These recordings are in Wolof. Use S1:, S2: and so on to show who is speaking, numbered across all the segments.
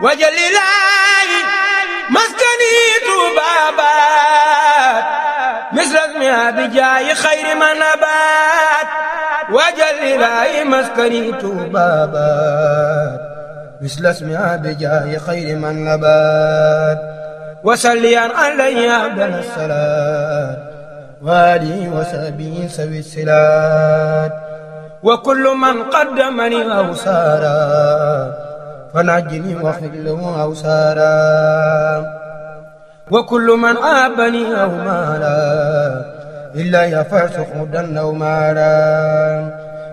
S1: wajalilaayi maskani tuubaabaat misrasmi abijaayi xayri manabaat wajalilaayi maskani tuubaabaat misrasmi abijaayi xayri manabaat wasalliyan alayhi abdana salaat waalihi wa sahbihi sawi silaat wa kullu man qaddamani aw saaraat ونجني وخله أوسارا وكل من عابني أو مالا إلا يفرس خدا أو مالا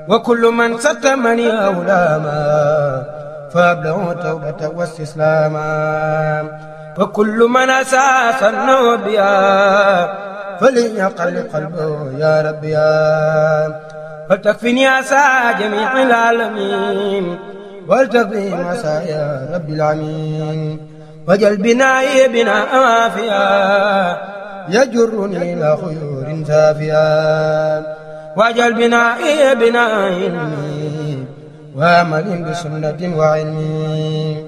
S1: وكل من ستمني أو لاما فأبلغ توبة واستسلاما وكل من أساس النوبيا فليقل قلبه يا ربي فلتكفني أسى جميع العالمين والتقي مسايا رب العالمين وجل بناي بنا وافيا يجرني إلى خيور سافيا وجل بناي بنا علمي وامل بسنة وعلمي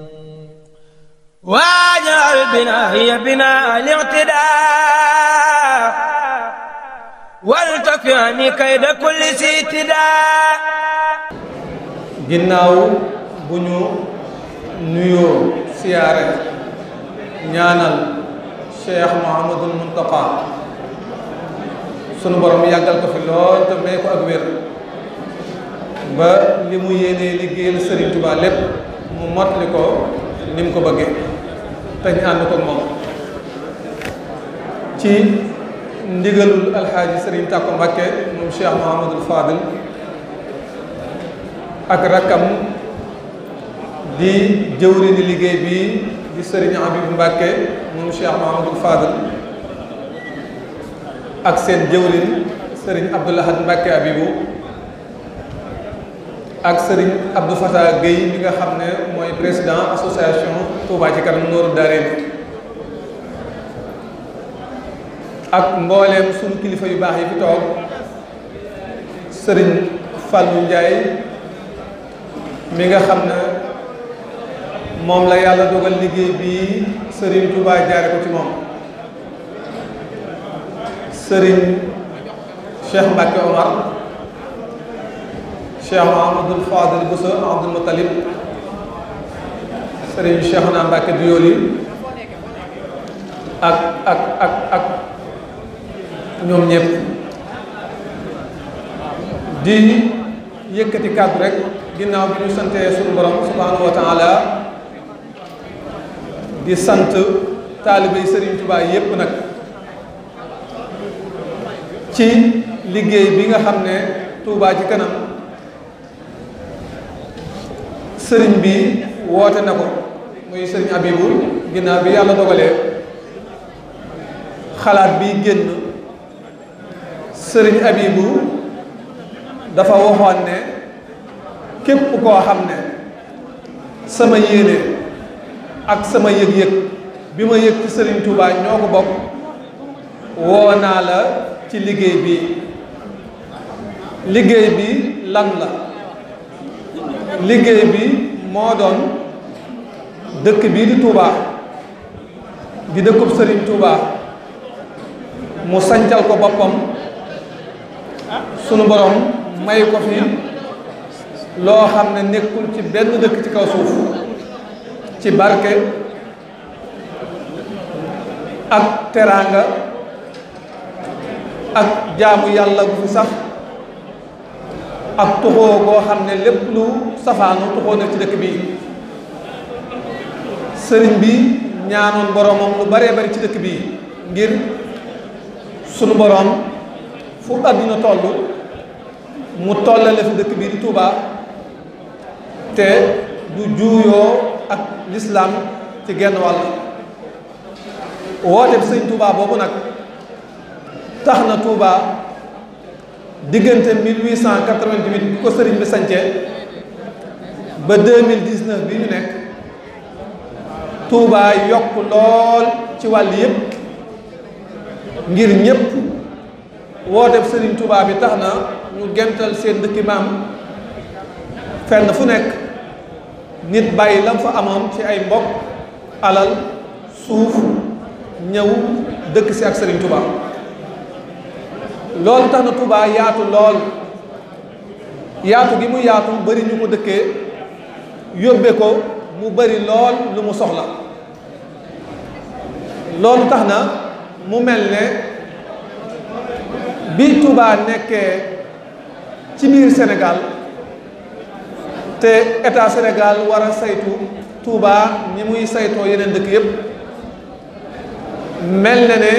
S1: واجعل بناي بنا الاعتداء والتقي عني كيد كل سيتداء
S2: ginnaaw bu ñu nuyoo siyaare ñaanal cheikh Mouhamadul Mountakha sunu borom yàggal ko fi lool te may ko ak wér ba li mu yéenee liggéeyal Serigne Touba lépp mu mottali ko ni mu ko bëggee te ñu ànd ko moom ci ndigalul alxaaji Serigne Tako Mbakke moom cheikh Mouhamadul Fadil ak rakkam di jëwriñu liggéey bi di sëriñ Habib Mbàkke moom Cheikh Mahamadou Fadal ak seen jëwriñ sëriñ Abdoul Ahad Mbàkke Habibou ak sëriñ Abdou Fatah Guèye mi nga xam ne mooy président association Touba ci kanam Nourou Darayni ak mbooleem suñu kilifa yu baax yi fi toog sëriñ Fallou Ndiaye mi nga xam ne moom la yàlla dogal liggéey bi sëriñ Touba jaare ko ci moom sëriñ Cheikh Mbacke Omar Cheikh Mahamadul Fadil Bousso Abdul Muttalib sëriñ Cheikh naa Mbacke Dioli ak ak ak ak ñoom ñëpp di yëkkati kàddu rek ginnaaw bi ñu santee suñu borom subhanahu wa di sant taalibey Serigne Touba yépp nag ci liggéey bi nga xam ne Touba ci kanam sëriñ bi woote na ko muy sëriñ Abibou ginnaaw bi yàlla dogalee xalaat bi génn sëriñ Abibou dafa waxoon ne képp koo xam ne sama yéene ak sama yëg-yëg bi ma yëg ci Serigne Touba ñoo ko bokk woo naa la ci liggéey bi liggéey bi lan la liggéey bi moo doon dëkk bii di Touba di dëkkub Serigne Touba mu sancal ko boppam sunu borom may ko fi loo xam ne nekkul ci benn dëkk ci kaw suuf ci barke ak teraanga ak jaamu yàlla gu sax ak tuxoo boo xam ne lépp lu safaanu tuxoo na ci dëkk bi sëriñ bi ñaanoon boroomam lu baree bari ci dëkk bi ngir sunu boroom fu adduna toll mu tollale fi dëkk bi di Touba te du juuyoo lislaam ci genn wàll woote sëñ Touba boobu nag tax na Touba diggante 1888 bi ko sëriñ bi sancee ba 2019 bi ñu nekk Touba yokk lool ci wàll yépp ngir ñépp woote sëriñ Touba bi tax na ñu gental seen dëkki maam fenn fu nekk nit bàyyi lam fa amoon ci ay mbokk alal suuf ñëw dëkk si ak Serigne Touba loolu tax na tubaa yaatu lool yaatu gi mu yaatu bari ñu ko dëkkee yóbbe ko mu bari lool lu mu soxla loolu tax na mu mel ne bi Touba nekkee ci biir Sénégal te état Sénégal war a saytu Touba ñi muy saytoo yeneen dëkk yépp mel na ne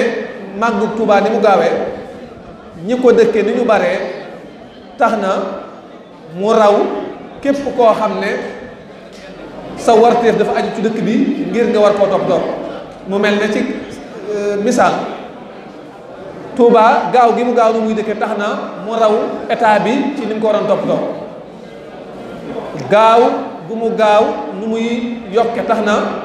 S2: màggu Touba ni mu gaawee ñi ko dëkkee ni ñu baree tax na mu raw képp koo xam ne sa warteef dafa aju ci dëkk bi ngir nga war koo topp doom mu mel ne ci euh, misaal Touba gaaw gi mu gaaw ni muy dëkkee tax na mu raw état bi ci ni mu ko waroon topp doom gaaw gu mu gaaw nu muy yokke tax na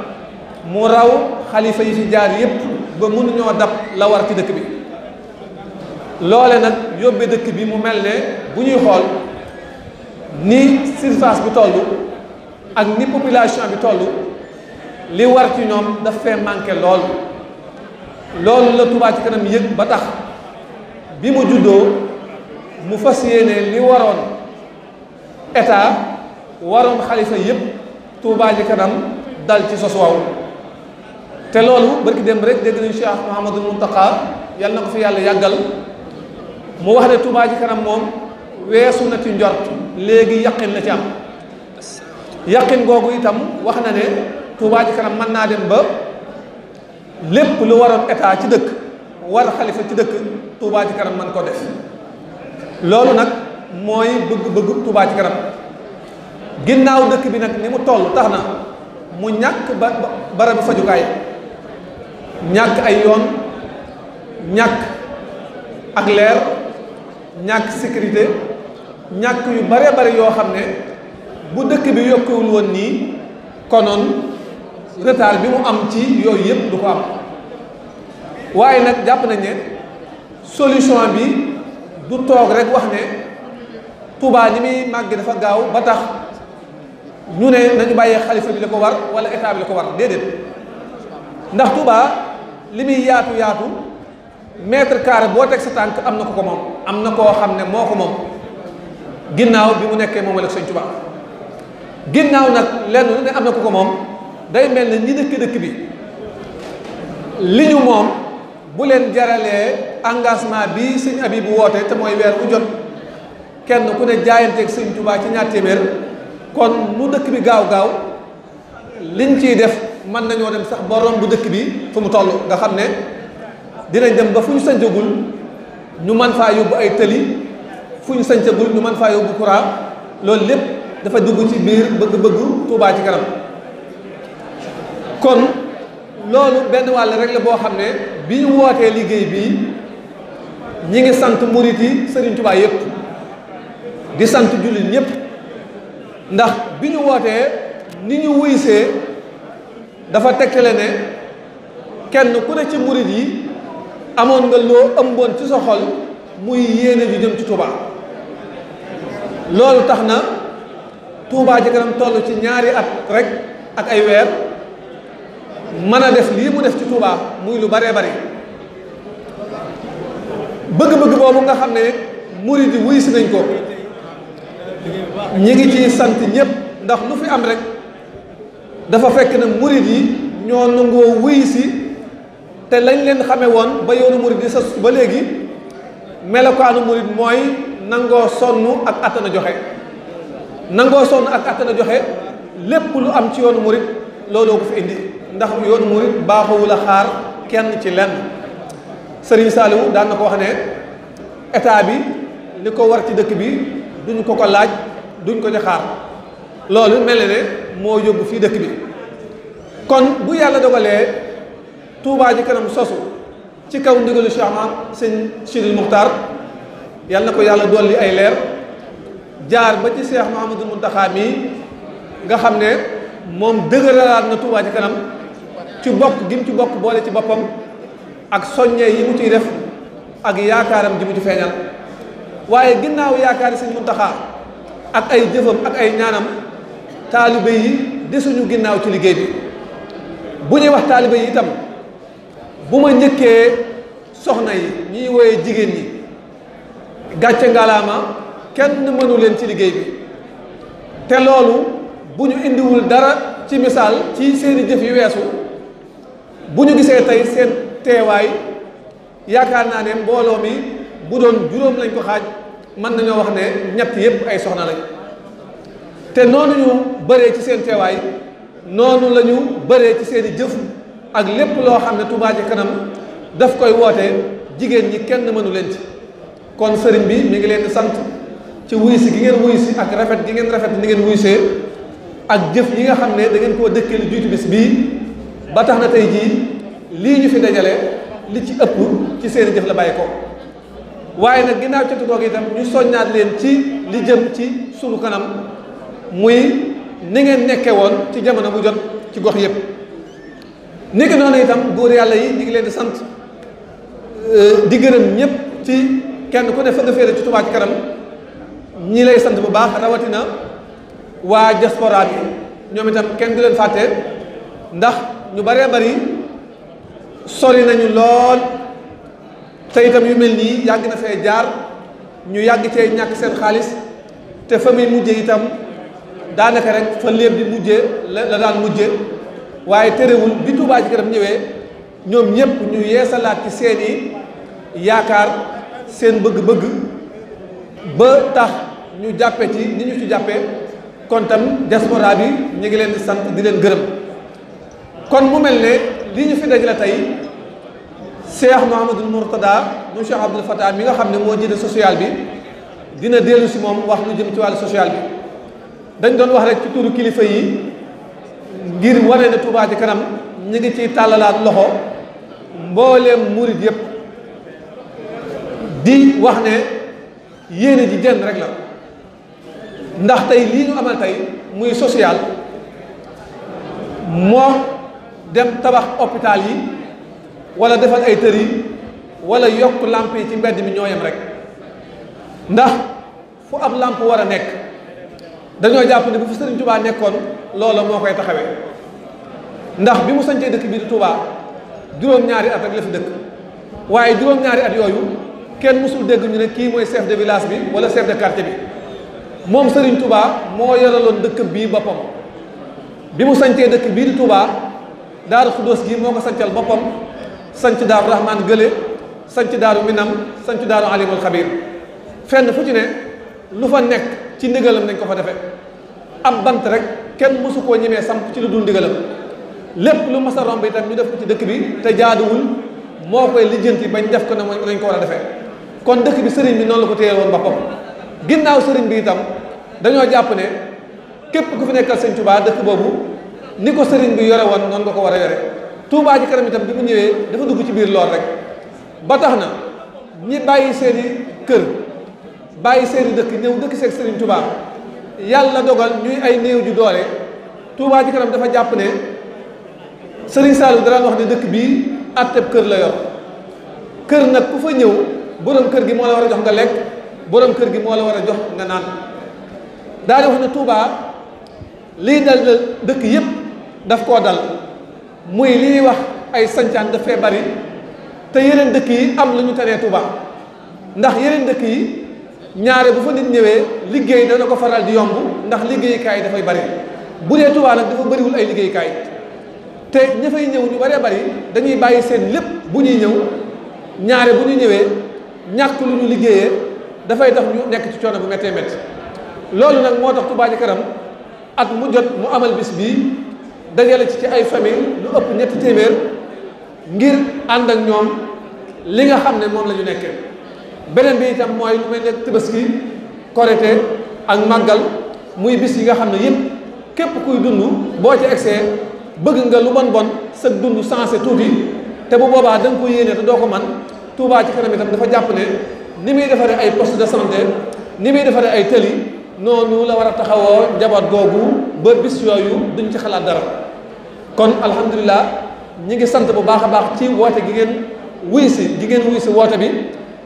S2: mu raw xalifa yi fi jaar yépp ba mënuñoo dab la war ci dëkk bi loole nag yóbbe dëkk bi mu mel ne bu ñuy xool ni surface bi toll ak ni population bi toll li war ci ñoom daf fee manqué lool loolu la Touba ci kanam yëg ba tax bi mu juddoo mu fas yéene li waroon état waroon xalifa yëpp Touba ji kanam dal ci sos waaw te loolu barki dem rek dégg nañu Cheikh Mouhamadul Mountakha yàlla na ko fi yàlla yàggal mu wax ne Touba ji kanam moom weesu na ci njort léegi yaqin la ci am yàqin googu itam wax na ne Touba ji kanam man naa dem ba lépp lu waroon état ci dëkk war xalifa ci dëkk Touba ji kanam mën koo def loolu nag mooy bëgg-bëgg Touba ji kanam ginnaaw dëkk bi nag ni mu toll tax na mu ñàkk ba barabu fajukaay ñàkk ay yoon ñàkk ak leer ñàkk sécurité ñàkk yu bare bare yoo xam ne bu dëkk bi yokkuwul woon nii konoon retard bi mu am ci yooyu yëpp du ko am waaye nag jàpp nañ ne solution bi du toog rek wax ne Touba ni muy màgg dafa gaaw ba tax ñu ne nañu bàyyee xalifa bi la ko war wala état bi ko war déedéet ndax Touba li muy yaatu yaatu mètre carré boo teg sa tànk am na ko ko moom am na koo xam ne moo ko moom ginnaaw bi mu nekkee moom la sëñ Touba ginnaaw nag lenn ne am na ko ko moom day mel na ñi dëkk dëkk bi li ñu moom bu leen jaralee engagement bi sëñ Habib bu woote te mooy weer bu jot kenn ku ne jaayanteeg sëñ Touba ci ñaar téeméer kon mu dëkk bi gaaw gaaw liñ ciy def mën nañoo dem sax ba bu dëkk bi fu mu toll nga xam ne dinañ dem ba fu ñu sancagul ñu mën faa yóbbu ay tëli fu ñu ñu mën faa yóbbu courant loolu lépp dafa dugg ci biir bëgg-bëgg Tuubaa ci kanam kon loolu benn wàll rek la boo xam ne bi ñu wootee liggéey bii ñi ngi sant murit yi Sëriñ Tuubaa yëpp di sant jullit ñëpp ndax bi ñu wootee ni ñu wuysee dafa tegtale ne kenn ku ne ci murit yi amoon nga loo ëmboon ci sa xol muy yéene ju jëm ci Touba loolu tax na Touba ji tollu ci ñaari at rekk ak ay weer mën a def lii mu def ci Touba muy lu baree bari bëgg-bëgg boobu nga xam ne murit yi wuy nañ ko ñi ngi ci sant ñëpp ndax lu fi am rek dafa fekk ne murid yi ñoo nangoo wuy si te lañ leen xame woon ba yoonu murid yi sa ba léegi melokaanu murid mooy nangoo sonn ak àttana joxe nangoo sonn ak attana joxe lépp lu am ci yoonu murid looloo ko fi indi ndax yoonu murid baaxawul a xaar kenn ci lenn Serigne Saliou daan na ko wax ne état bi li ko war ci dëkk bi duñ ko ko laaj duñ ko joxaar loolu mel na ne moo yóbbu fii dëkk bi kon bu yàlla dogalee Touba ji kanam sosu ci kaw ndigalu Cheikh Ahmad sëñ Sidil Muxtaar yàlla na ko yàlla dolli ay leer jaar ba ci Cheikh Mouhamadou Mountakha mii nga xam ne moom dëgëralaat na tuubaa ci kanam ci bokk gi mu ci bokk boole ci boppam ak soññee yi mu ciy def ak yaakaaram ji mu ci feeñal waaye ginnaaw yaakaar yaakaari sëñ Muntaxa ak ay jëfam ak ay ñaanam taalibe yi desuñu ginnaaw ci liggéey bi bu ñuy wax taalibe yi itam bu ma njëkkee soxna yi ñiy woyee jigéen ñi gàcce ngalaama kenn mënu leen ci liggéey bi te loolu bu ñu indiwul dara ci misaal ci seeni jëf yu weesu bu ñu gisee tey seen teewaay yaakaar naa ne mbooloo mi bu doon juróom lañ ko xaaj mën nañoo wax ne ñett yépp ay soxna lañ te noonu ñu bëree ci seen teewaay noonu la ñu bëree ci seen i jëf ak lépp loo xam ne Touba Kanam daf koy woote jigéen ñi kenn mënu leen ci kon sëriñ bi mi ngi leen sant ci wuy si gi ngeen wuy si ak rafet gi ngeen rafet ni ngeen wuy ak jëf yi nga xam ne da ngeen koo dëkkee lu jiitu bis bii ba tax na tey jii lii ñu fi dajale li ci ëpp ci seeni jëf la bàyyi ko waaye nag ginnaaw catu googu tam ñu soññaat leen ci li jëm ci sunu kanam muy ni ngeen nekke woon ci jamono bu jot ci gox yëpp ni ki noonu itam góor yàlla yi ñu ngi leen di sant euh, di gërëm ñëpp ci kenn ku ne fa nga féere ci Touba ci kanam ñi lay sant bu baax rawatina waa diaspora yi ñoom itam kenn du leen fàtte ndax ñu bëree bari sori nañu lool te itam yu mel nii yàgg na fee jaar ñu yàgg cee ñàkk seen xaalis te fa muy mujje itam daanaka rek fa léeb di mujje la daan mujje waaye terewul bi Touba Ca Kanam ñëwee ñoom ñëpp ñu yeesalaat ci seeni yaakaar seen bëgg-bëgg ba tax ñu jàppe ci ñi ñu ci jàppe kon tam diaspora ñu ngi leen di sant di leen gërëm kon mu mel ne li ñu fi daj la tey Cheikh Mouhamadul Mourtada mu Cheikh Abdoul Fatah mi nga xam ne moo jiite social bi dina dellu si moom wax lu jëm ci wàllu social bi dañ doon wax rek ci turu kilifa yi ngir wane ne Touba ci kanam ñu ngi ciy tàllalaat loxo mbooleem murit yépp di wax ne yéene ji jenn rek la ndax tey lii ñu amal tey muy social moo dem tabax hôpital yi wala defal ay tër yi wala yokk làmp yi ci mbedd mi ñoo yem rek ndax fu ab làmp war a nekk dañoo jàpp ne bu fu Sëriñ Tuubaa nekkoon loola moo koy taxawee ndax bi mu sañcee dëkk bi di Tuubaa juróom-ñaari at la fi dëkk waaye juróom-ñaari at yooyu kenn mësul dégg ñu ne kii mooy chef de village bi wala chef de quartier bi moom Sëriñ Tuubaa moo yoraloon dëkk bii boppam bi mu sancee dëkk bii di Tuubaa Daaru Xuddoos gi moo ko sancal boppam sanc daaru rahman gële sanc daaru minam sanc daaru alimul xabir fenn fu ci ne lu fa nekk ci ndigalam nañ ko fa defee ab bant rek kenn mosu koo ñemee samp ci lu dul ndigalam lépp lu mas a romb itam ñu def ko ci dëkk bi te jaaduwul moo koy lijjanti bañ def ko ne mooy nañ ko war a defee kon dëkk bi sëriñ bi noonu la ko téye woon boppam ginnaaw sëriñ bi itam dañoo jàpp ne képp ku fi nekkal sëñ baa dëkk boobu ni ko sëriñ bi yore woon noonu nga ko war a yore Touba ji bi itam bi mu ñëwee dafa dugg ci biir lool rek ba tax na ñi bàyyi seeni i kër bàyyi seen dëkk ñëw dëkk seeg Serigne Touba yàlla dogal ñuy ay néew ju doole Touba ji kanam dafa jàpp ne Serigne Saliou dara wax ne dëkk bii atteb kër la yor kër nag ku fa ñëw borom kër gi moo la war a jox nga lekk borom kër gi moo la war a jox nga naan daal di wax ne Touba lii dal dëkk yépp daf koo dal. muy li ñuy wax ay sancaan daf bari te yeneen dëkk yi am lu ñu teree Touba ndax yeneen dëkk yi ñaare bu fa nit ñëwee liggéey dana ko faral di yomb ndax liggéeyukaay dafay bari bu dee Touba nag dafa bariwul ay liggéeykaay te ña ñëw ñu baree bari dañuy bàyyi seen lépp bu ñuy ñëw ñaare bu ñu ñëwee ñàkk lu ñu liggéeyee dafay tax ñu nekk ci coono bu méttee métti loolu nag moo tax Touba Ca Kanam at mu jot mu amal bis bii dajale ci ci ay famille lu ëpp ñetti téeméer ngir ànd ak ñoom li nga xam ne moom la ñu nekkee beneen bi itam mooy lu may nekk tabaski korite ak màggal muy bis yi nga xam ne yëpp képp kuy dund boo ci egsee bëgg nga lu bon bon sa dund sensé tuuti te bu boobaa da ko yéene te doo ko man Touba ci kanam itam dafa jàpp ne ni muy defaree ay poste de santé ni muy defaree ay tëli noonu la war a taxawoo njaboot googu ba bis yooyu duñ ci xalaat dara kon alhamdulilah ñi ngi sant bu baax a baax ci woote gi ngeen wuy si gi ngeen wuy si woote bi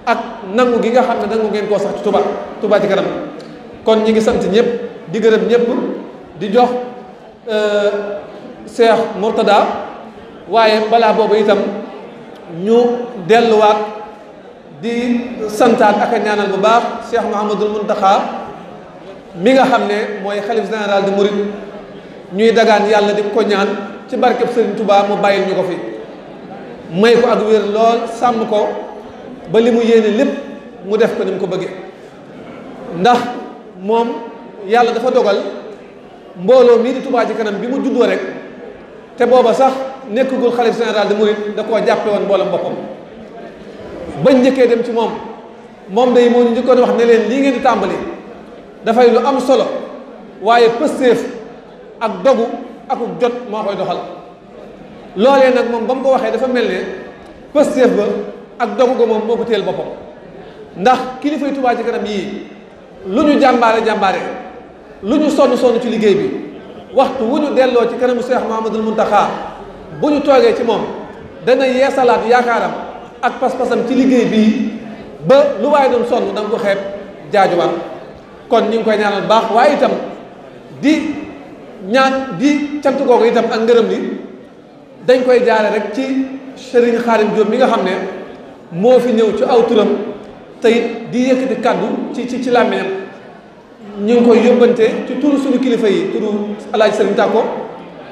S2: ak nangu gi nga xam ne nangu ngeen koo sax ci Touba Touba ci kanam kon ñi ngi sant ñëpp di gërëm ñëpp di jox euh, Cheikh Mourtada waaye balaa boobu itam ñu delluwaat di santaat ak a ñaanal bu baax Cheikh Mouhamadul Mountakha mi nga xam ne mooy xalif général de Mouride ñuy dagaan yàlla di ko ñaan ci barkeb Sëriñ Touba mu bàyyil ñu ko fi may ko ak wér lool sàmm ko ba li mu yéene lépp mu def ko ni mu ko bëggee ndax moom yàlla dafa dogal mbooloo mii di tubaa ci kanam bi mu juddoo rek te booba sax nekkagul xalif général de Mouride da koo jàppe woon mboolem boppam bañ njëkkee dem ci moom moom day moo ñu njëkkoon wax ne leen lii ngeen di tàmbali dafay lu am solo waaye pësteef ak dogu akuk jot moo koy doxal loolee nag moom ba mu ko waxee dafa mel ne pësteef ba ak dogu ga moom moo ko téel boppam ndax kilifay Touba ci kanam yii lu ñu jàmbaare jàmbaare lu ñu sonn sonn ci liggéey bi waxtu wu ñu delloo ci kanamu Cheikh Mahamadul Muntaxa bu ñu toogee ci moom dana yeesalaat yaakaaram ak pas-pasam ci liggéey bi ba lu waaye doon sonn da ko xeeb jaajuwaat kon ñu ngi koy ñaanal baax waaye itam di ñaan di cant googu itam ak ngërëm li dañ koy jaare rek ci Serigne Xaadim Diop mi nga xam ne moo fi ñëw ci aw turam tey it di yëkkati kàddu ci ci ci làmmiñam ñu ngi koy yóbbante ci turu suñu kilifa yi turu Alaaji Serigne Tàkko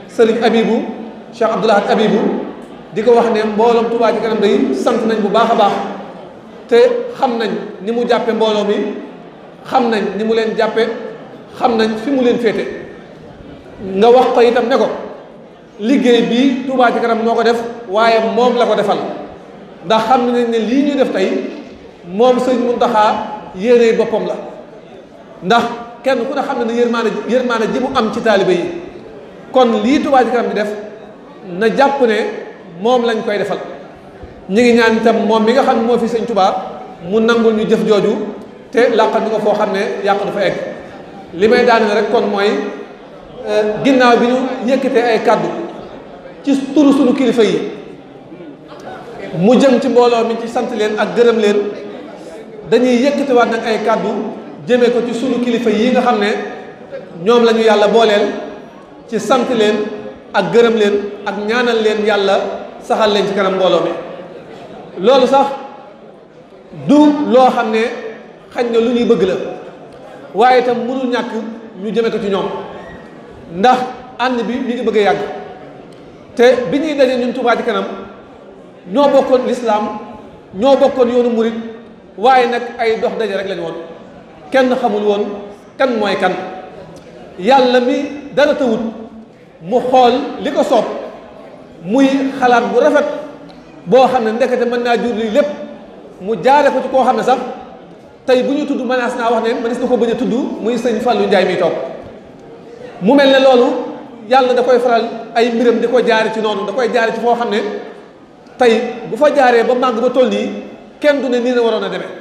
S2: Serigne Abibou Cheikh Abdoulahat Abibou di ko wax ne mbooloom Touba ci kanam day sant nañ bu baax a baax te xam nañ ni mu jàppe mbooloo mi xam nañ ni mu leen jàppe xam nañ fi mu leen féete nga wax ko itam ne ko liggéey bii Touba ci kanam moo ko def waaye moom la ko defal ndax xam nañ ne lii ñuy def tey moom sëñ Muntaxa yéene boppam la ndax kenn ku ne xam ne ne yërmaane yërmaane ji mu am ci taalibe yi kon lii Touba ci kanam di def na jàpp ne moom lañ koy defal ñu ngi ñaan itam moom mi nga xam ne moo fi sëñ tubaa mu nangul ñu jëf jooju te làqal ñu ko foo xam ne yàq du fa egg li may daane rek kon mooy Euh, ginnaaw bi ñu yëkkatee ay kàddu ci turu sunu kilifa yi mu jëm ci mbooloo mi ci sant leen ak gërëm leen dañuy yëkkatewaat nag ay kàddu jëme ko ci sunu kilifa yi nga xam ne ñoom lañu ñu yàlla booleel ci sant leen ak gërëm leen ak ñaanal leen yàlla saxal leen ci kanam mbooloo mi loolu sax du loo xam ne xañ na lu ñuy bëgg la waaye itam mënul ñàkk ñu jëme ko ci ñoom ndax ànd bi mi ngi bëgg a yàgg te bi ñuy daje ñun Touba kanam ñoo bokkoon lislaam ñoo bokkoon yoonu murit waaye nag ay dox daje rek lañ woon kenn xamul woon kan mooy kan yàlla mi dara tawut mu xool li ko soob muy xalaat bu rafet boo xam ne ndekete mën naa jur lii lépp mu jaare ko ci koo xam ne sax tey bu ñu tudd menace naa wax ne manis na ko bañ a tudd muy sëñ fàllu njaay mi toog mu mel ne loolu yàlla da koy faral ay mbiram di ko jaare ci noonu da koy jaare ci foo xam ne tey bu fa jaaree ba màgg ba toll nii kenn du ne nii ne waroon a demee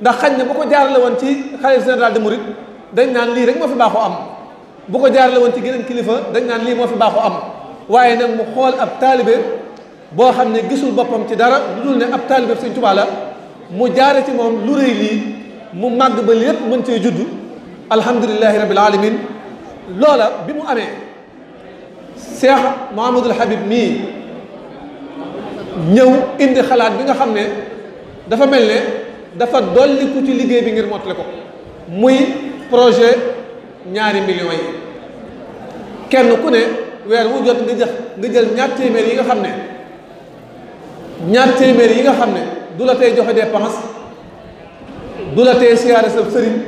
S2: ndax xañ na bu ko jaarale woon ci xalifa général de Mouride dañ naan lii rek moo fi baaxoo am bu ko jaarale woon ci geneen kilifa dañ naan lii moo fi baaxoo am waaye nag mu xool ab taalibe boo xam ne gisul boppam ci dara lu dul ne ab taalibe Sëñ Tuubaa la mu jaare ci moom lu rëy lii mu ba lépp mën cee judd alhamdulilahi rabil alamin loola bi mu amee Cheikh Mouhamadul Habib mii ñëw indi xalaat bi nga xam ne dafa mel ne dafa dolliku ci liggéey bi ngir mottali ko muy projet ñaari millions yi kenn ku ne weer wu jot nga jël nga jël ñaar téeméer yi nga xam ne ñaar téeméer yi nga xam ne du la tey joxe dépense du la tey siyaare sa sëriñ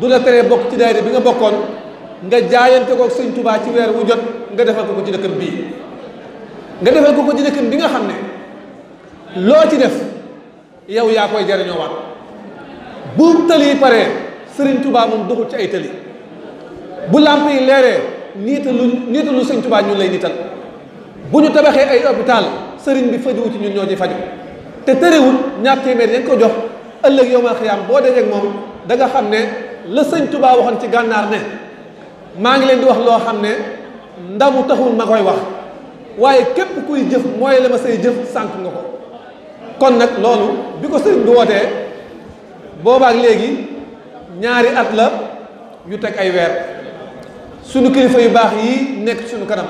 S2: du la teree bokk ci daayira bi nga bokkoon nga jaayante ko sëñ tubaa ci weer wu jot nga defal ko ko ci dëkkam bii nga defal ko ko ci dëkkam bi nga xam ne loo ci def yow yaa koy jariñoo waat bu tali paree sëriñ tubaa moom doxul ci ay tali bu làmp yi leeree niitalu niitalu sëñ tubaa ñun lay niital bu ñu tabaxee ay hôpital sëriñ bi fajuwu ci ñun ñoo ci faju te tërewul ñaar téeméer yañ ko jox ëllëg yow xiyaam boo dajee ak moom da xam ne la sëñ tubaa waxoon ci gànnaar ne maa ngi leen di wax loo xam ne ndamu taxul ma koy wax waaye képp kuy jëf mooy la ma say jëf sànq nga ko kon nag loolu bi ko sëriñ bi wootee boobaak léegi ñaari at la yu teg ay weer sunu kilifa yu baax yi nekk sunu kanam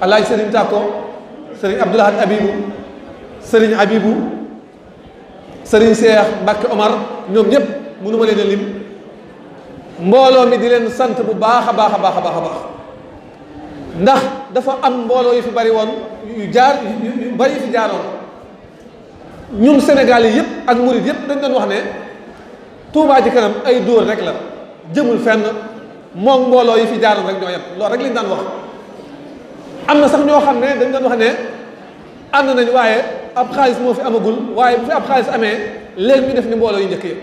S2: alaaji sëriñ Tàkko sëriñ Abdoulahad Abibu sëriñ Abibu sëriñ Seex Mbàkke Omar ñoom ñëpp mënuma leen a lim mbooloo mi di leen sant bu baax a baax a baax a baax a baax ndax dafa am mbooloo yi fi bari woon yu jaar yu bari yu fi jaaroon ñun Sénégal yi yëpp ak murid yëpp dañ doon wax ne Touba ci kanam ay dóor rek la jëmul fenn moom mbooloo yi fi jaaroon rek ñoo yem lool rek lañ daan wax am na sax ñoo xam ne dañ doon wax ne ànd nañ waaye ab xaalis moo fi amagul waaye bu fi ab xaalis amee léegi ñu def ni mbooloo yu njëkk yi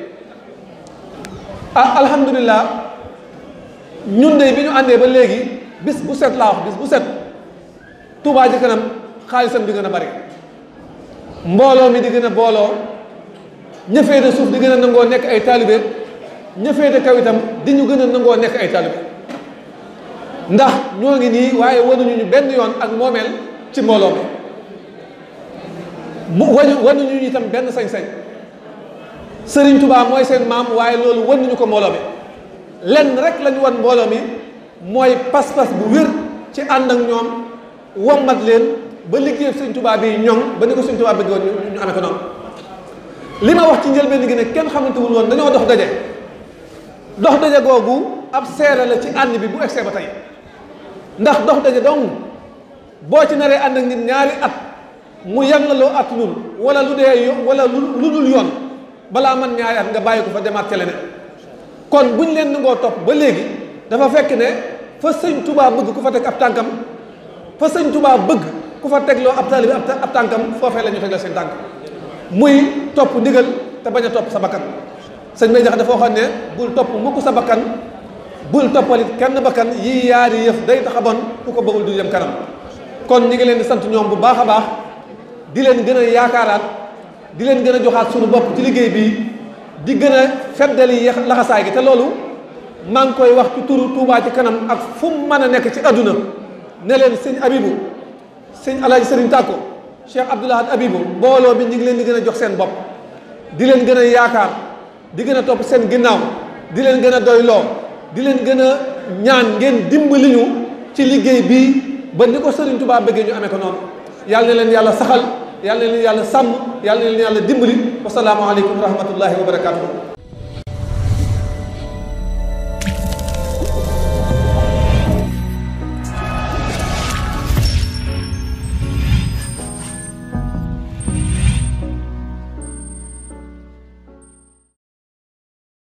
S2: ah alhamdulilah ñun de bi ñu àndee ba léegi bis bu set laa wax bis bu set Touba ji kanam xaalisam di gën a bari mbooloo mi di gën a booloo ña féete suuf di gën a nangoo nekk ay taalibe ña féete kaw itam di ñu gën a nangoo nekk ay taalibe ndax ñoo ngi nii waaye wanuñu ñu benn yoon ak moomeel ci mbooloo mi mu wanuñu ñu itam benn sañ-sañ. sëriñ tubaa mooy seen maam waaye loolu wan nañu ko mbooloo mi lenn rek lañu wan mbooloo mi mooy pas-pas bu wér ci ànd ak ñoom wommat leen ba liggéey sëriñ tubaab bi ñoŋ ba ni ko sëriñ tubaa bi doon ñu amee noonu li ma wax ci njëlbeen gi ne kenn xamantewul woon dañoo dox daje dox daje googu ab seere la ci ànd bi bu egsee ba tey ndax dox daje dong boo ci naree ànd ak nit ñaari at mu yàgg la loo at ñun wala lu dee wala lu dul yoon balaa man ñaari nga bàyyi ko fa demaat ca leneen kon bu ñu leen nangoo topp ba léegi dafa fekk ne fa sëñ tubaab bëgg ku fa teg ab tànkam fa sëñ tubaa bëgg ku fa tegloo ab taalibi ab tànkam foofee la ñu teg la seen tànk muy topp ndigal te bañ a topp sa bakkan sëñ may jax dafa waxoon ne bul topp mukk sa bakkan bul toppalit kenn bakkan yii yaari yëf day tax bon ku ko bëggul du dem kanam kon ñi ngi leen di sant ñoom bu baax a baax di leen gën a yaakaaraat di leen gën a joxaat suñu bopp ci liggéey bi di gën a feddali laxasaay gi te loolu maa ngi koy wax ci turu Touba ci kanam ak fu mu mën a nekk ci àdduna ne leen sëñ Abibu sëñ Alaaji Sëriñ Tàkko Cheikh Abdoulahad Abibu mbooloo bi ñu ngi leen di gën a jox seen bopp di leen gën a yaakaar di gën a topp seen ginnaaw di leen gën a doyloo di leen gën a ñaan ngeen li ñu ci liggéey bii ba ni ko Sëriñ Touba bëggee ñu amee ko noonu yàlla na leen yàlla saxal yàlla na leen yàlla sàmm yàlla na leen yàlla dimbali wasalaamualeykum wa rahmatullahi wa barakaatu.